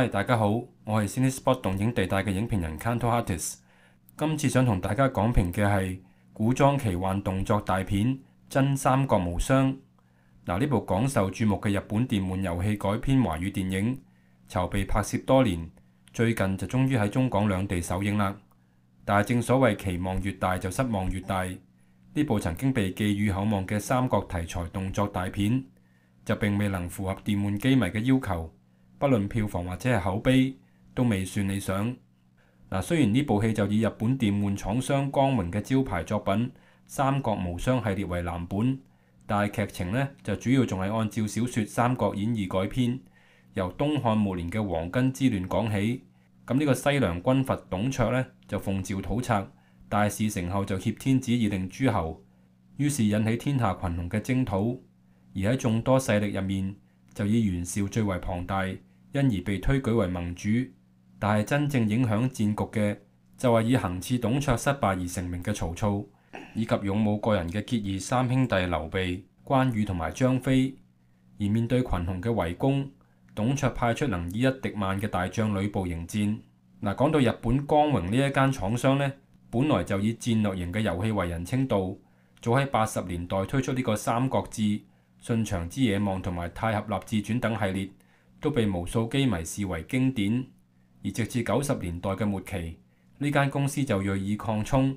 嗨，Hi，大家好，我係 CineSpot 動映地帶嘅影評人 Kantorates，今次想同大家講評嘅係古裝奇幻動作大片《真三國無雙》。嗱，呢部廣受注目嘅日本電玩遊戲改編華語電影，籌備拍攝多年，最近就終於喺中港兩地首映啦。但係正所謂期望越大就失望越大，呢部曾經被寄予厚望嘅三國題材動作大片，就並未能符合電玩機迷嘅要求。不論票房或者係口碑都未算理想。嗱，雖然呢部戲就以日本電玩廠商《光榮》嘅招牌作品《三國無雙》系列為藍本，但係劇情呢，就主要仲係按照小說《三國演義》改編，由東漢末年嘅黃巾之亂講起。咁呢個西涼軍閥董，董卓呢，就奉召討賊，大事成後就挾天子以令諸侯，於是引起天下群雄嘅征討。而喺眾多勢力入面，就以袁紹最為龐大。因而被推舉為盟主，但係真正影響戰局嘅就係以行刺董卓失敗而成名嘅曹操，以及勇武過人嘅結義三兄弟劉備、關羽同埋張飛。而面對群雄嘅圍攻，董卓派出能以一敵萬嘅大將呂布迎戰。嗱，講到日本光榮呢一間廠商呢，本來就以戰略型嘅遊戲為人稱道，早喺八十年代推出呢個《三國志》《信長之野望》同埋《太合立志傳》等系列。都被無數機迷視為經典，而直至九十年代嘅末期，呢間公司就鋭意擴充，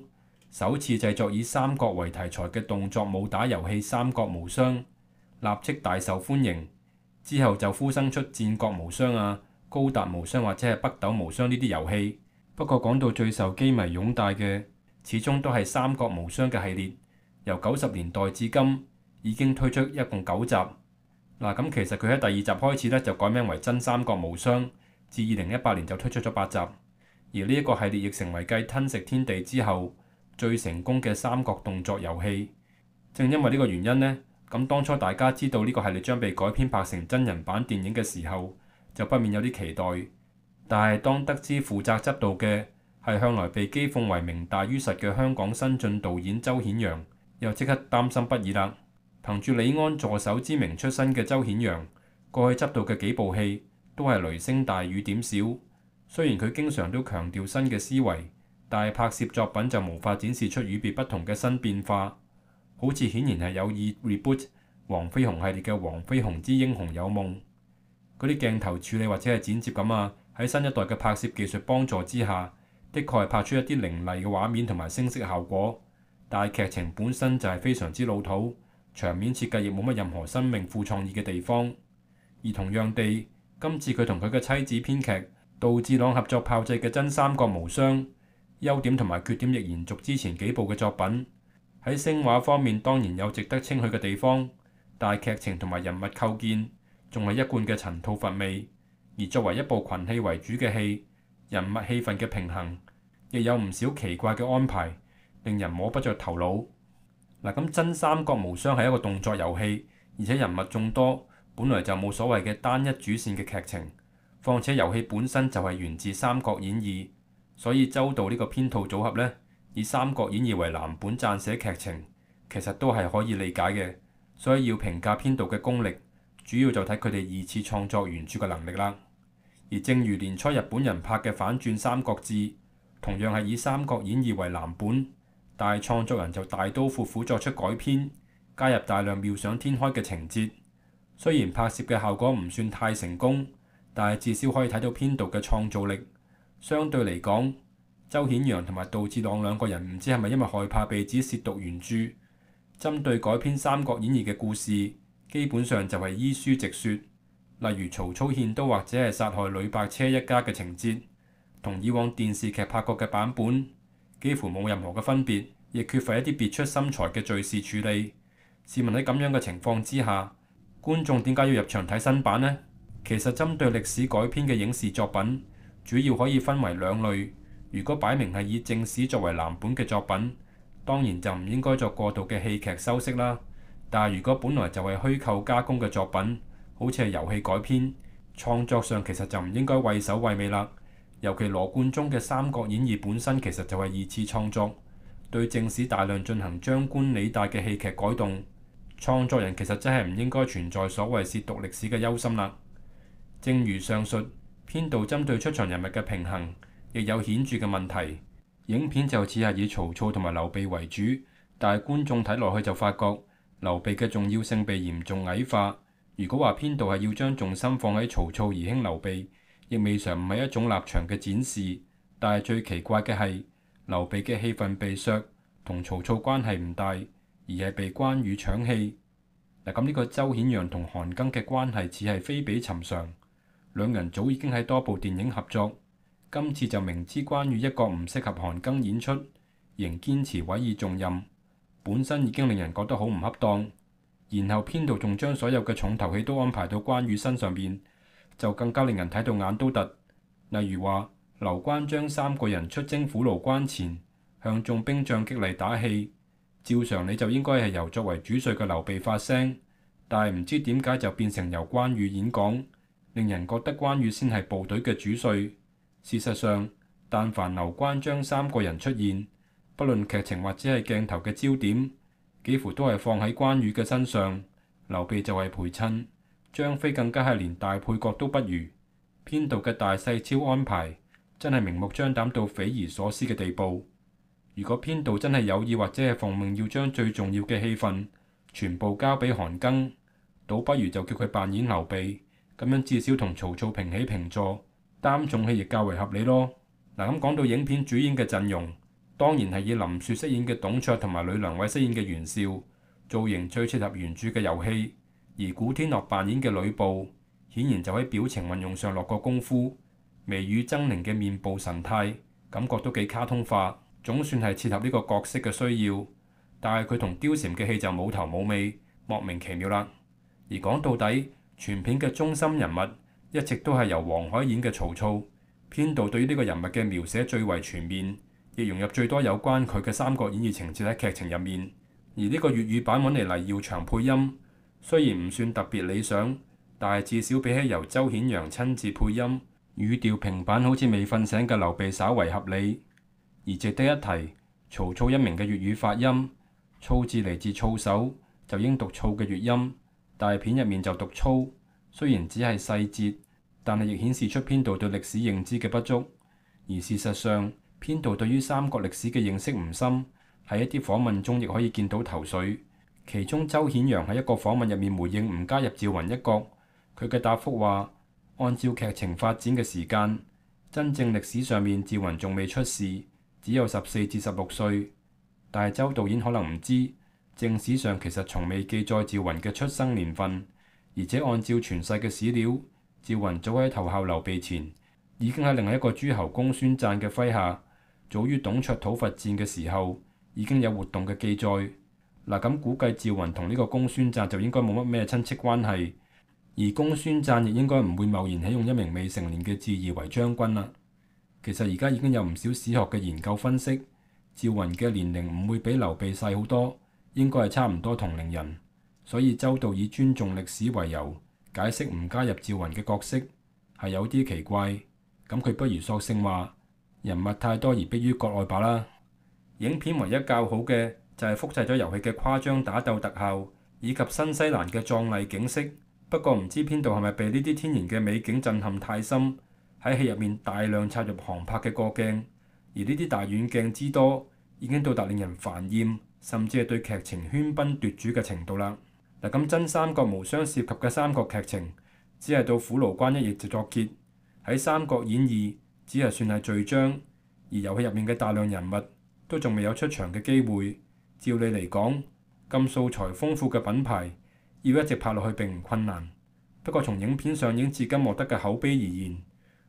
首次製作以《三國》為題材嘅動作武打遊戲《三國無雙》，立即大受歡迎。之後就衍生出《戰國無雙》啊，《高達無雙》或者係《北斗無雙》呢啲遊戲。不過講到最受機迷擁戴嘅，始終都係《三國無雙》嘅系列，由九十年代至今已經推出一共九集。嗱，咁其實佢喺第二集開始咧就改名為《真三國無雙》，至二零一八年就推出咗八集，而呢一個系列亦成為繼《吞食天地》之後最成功嘅三國動作遊戲。正因為呢個原因呢，咁當初大家知道呢個系列將被改編拍成真人版電影嘅時候，就不免有啲期待。但係當得知負責執導嘅係向來被譏諷為名大於實嘅香港新進導演周顯陽，又即刻擔心不已啦。憑住李安助手之名出身嘅周顯陽，過去執導嘅幾部戲都係雷聲大雨點小。雖然佢經常都強調新嘅思維，但係拍攝作品就無法展示出與別不同嘅新變化。好似顯然係有意 reboot《黃飛鴻》系列嘅《黃飛鴻之英雄有夢》嗰啲鏡頭處理或者係剪接咁啊。喺新一代嘅拍攝技術幫助之下，的確係拍出一啲凌厲嘅畫面同埋聲色效果，但係劇情本身就係非常之老土。場面設計亦冇乜任何生命富創意嘅地方，而同樣地，今次佢同佢嘅妻子編劇杜志朗合作炮製嘅《真三國無雙》，優點同埋缺點亦延續之前幾部嘅作品。喺聲畫方面當然有值得稱許嘅地方，但係劇情同埋人物構建仲係一貫嘅陳套乏味。而作為一部群戲為主嘅戲，人物氣氛嘅平衡亦有唔少奇怪嘅安排，令人摸不着頭腦。嗱，咁《真三國無雙》係一個動作遊戲，而且人物眾多，本來就冇所謂嘅單一主線嘅劇情。況且遊戲本身就係源自《三國演義》，所以周導呢個編導組合咧，以《三國演義》為藍本撰寫劇情，其實都係可以理解嘅。所以要評價編導嘅功力，主要就睇佢哋二次創作原著嘅能力啦。而正如年初日本人拍嘅《反轉三國志》，同樣係以《三國演義》為藍本。大創作人就大刀闊斧作出改編，加入大量妙想天開嘅情節。雖然拍攝嘅效果唔算太成功，但係至少可以睇到編導嘅創造力。相對嚟講，周顯陽同埋杜志朗兩個人唔知係咪因為害怕被指褻瀆原著，針對改編《三國演義》嘅故事，基本上就係依書直說。例如曹操獻刀或者係殺害呂伯奢一家嘅情節，同以往電視劇拍過嘅版本，幾乎冇任何嘅分別，亦缺乏一啲別出心裁嘅敘事處理。試問喺咁樣嘅情況之下，觀眾點解要入場睇新版呢？其實針對歷史改編嘅影視作品，主要可以分為兩類。如果擺明係以正史作為藍本嘅作品，當然就唔應該作過度嘅戲劇修飾啦。但如果本來就係虛構加工嘅作品，好似係遊戲改編，創作上其實就唔應該畏首畏尾啦。尤其羅貫中嘅《三國演義》本身其實就係二次創作，對正史大量進行張冠李戴嘅戲劇改動。創作人其實真係唔應該存在所謂褻瀆歷史嘅憂心啦。正如上述，編導針對出場人物嘅平衡亦有顯著嘅問題。影片就似係以曹操同埋劉備為主，但係觀眾睇落去就發覺劉備嘅重要性被嚴重矮化。如果話編導係要將重心放喺曹操而輕劉備，亦未嘗唔係一種立場嘅展示，但係最奇怪嘅係，劉備嘅戲份被削，同曹操關係唔大，而係被關羽搶戲。嗱，咁呢個周顯揚同韓庚嘅關係似係非比尋常，兩人早已經喺多部電影合作，今次就明知關羽一個唔適合韓庚演出，仍堅持委以重任，本身已經令人覺得好唔恰當，然後編導仲將所有嘅重頭戲都安排到關羽身上邊。就更加令人睇到眼都突。例如話，劉關張三個人出征虎牢關前，向眾兵將激勵打氣，照常你就應該係由作為主帥嘅劉備發聲，但係唔知點解就變成由關羽演講，令人覺得關羽先係部隊嘅主帥。事實上，但凡劉關張三個人出現，不論劇情或者係鏡頭嘅焦點，幾乎都係放喺關羽嘅身上，劉備就係陪襯。張飛更加係連大配角都不如，編導嘅大細超安排真係明目張膽到匪夷所思嘅地步。如果編導真係有意或者係奉命要將最重要嘅戲份全部交俾韓庚，倒不如就叫佢扮演劉備，咁樣至少同曹操平起平坐，擔重戲亦較為合理咯。嗱，咁講到影片主演嘅陣容，當然係以林雪飾演嘅董卓同埋呂良偉飾演嘅袁紹，造型最適合原著嘅遊戲。而古天樂扮演嘅呂布，顯然就喺表情運用上落過功夫，眉宇猙獰嘅面部神態，感覺都幾卡通化，總算係切合呢個角色嘅需要。但係佢同貂蟬嘅戲就冇頭冇尾，莫名其妙啦。而講到底，全片嘅中心人物一直都係由黃海演嘅曹操，編導對於呢個人物嘅描寫最為全面，亦融入最多有關佢嘅《三國演義》情節喺劇情入面。而呢個粵語版揾嚟黎耀祥配音。雖然唔算特別理想，但係至少比起由周顯陽親自配音，語調平板好似未瞓醒嘅劉備，稍為合理。而值得一提，曹操一名嘅粵語發音，操字嚟自操守，就應讀操嘅粵音，但片入面就讀粗，雖然只係細節，但係亦顯示出編導對歷史認知嘅不足。而事實上，編導對於三國歷史嘅認識唔深，喺一啲訪問中亦可以見到頭緒。其中周顯陽喺一個訪問入面回應唔加入趙雲一角，佢嘅答覆話：按照劇情發展嘅時間，真正歷史上面趙雲仲未出世，只有十四至十六歲。但係周導演可能唔知，正史上其實從未記載趙雲嘅出生年份，而且按照傳世嘅史料，趙雲早喺投效劉備前已經喺另一個諸侯公孫瓚嘅麾下，早於董卓討伐戰嘅時候已經有活動嘅記載。嗱，咁估計趙雲同呢個公孫瓚就應該冇乜咩親戚關係，而公孫瓚亦應該唔會貿然起用一名未成年嘅字以為將軍啦。其實而家已經有唔少史學嘅研究分析，趙雲嘅年齡唔會比劉備細好多，應該係差唔多同齡人。所以周導以尊重歷史為由解釋唔加入趙雲嘅角色係有啲奇怪。咁佢不如索性話人物太多而逼於國外吧啦。影片唯一較好嘅，就係複製咗遊戲嘅誇張打鬥特效，以及新西蘭嘅壯麗景色。不過唔知編導係咪被呢啲天然嘅美景震撼太深，喺戲入面大量插入航拍嘅過鏡，而呢啲大遠鏡之多已經到達令人煩厭，甚至係對劇情喧賓奪主嘅程度啦。嗱，咁真《三國無雙》涉及嘅三國劇情，只係到虎牢關一役就作結。喺《三國演義》只係算係序章，而遊戲入面嘅大量人物都仲未有出場嘅機會。照你嚟講，咁素材豐富嘅品牌要一直拍落去並唔困難。不過，從影片上映至今獲得嘅口碑而言，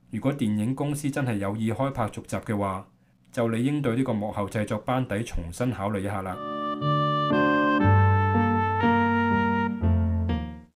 如果電影公司真係有意開拍續集嘅話，就理應對呢個幕後製作班底重新考慮一下啦。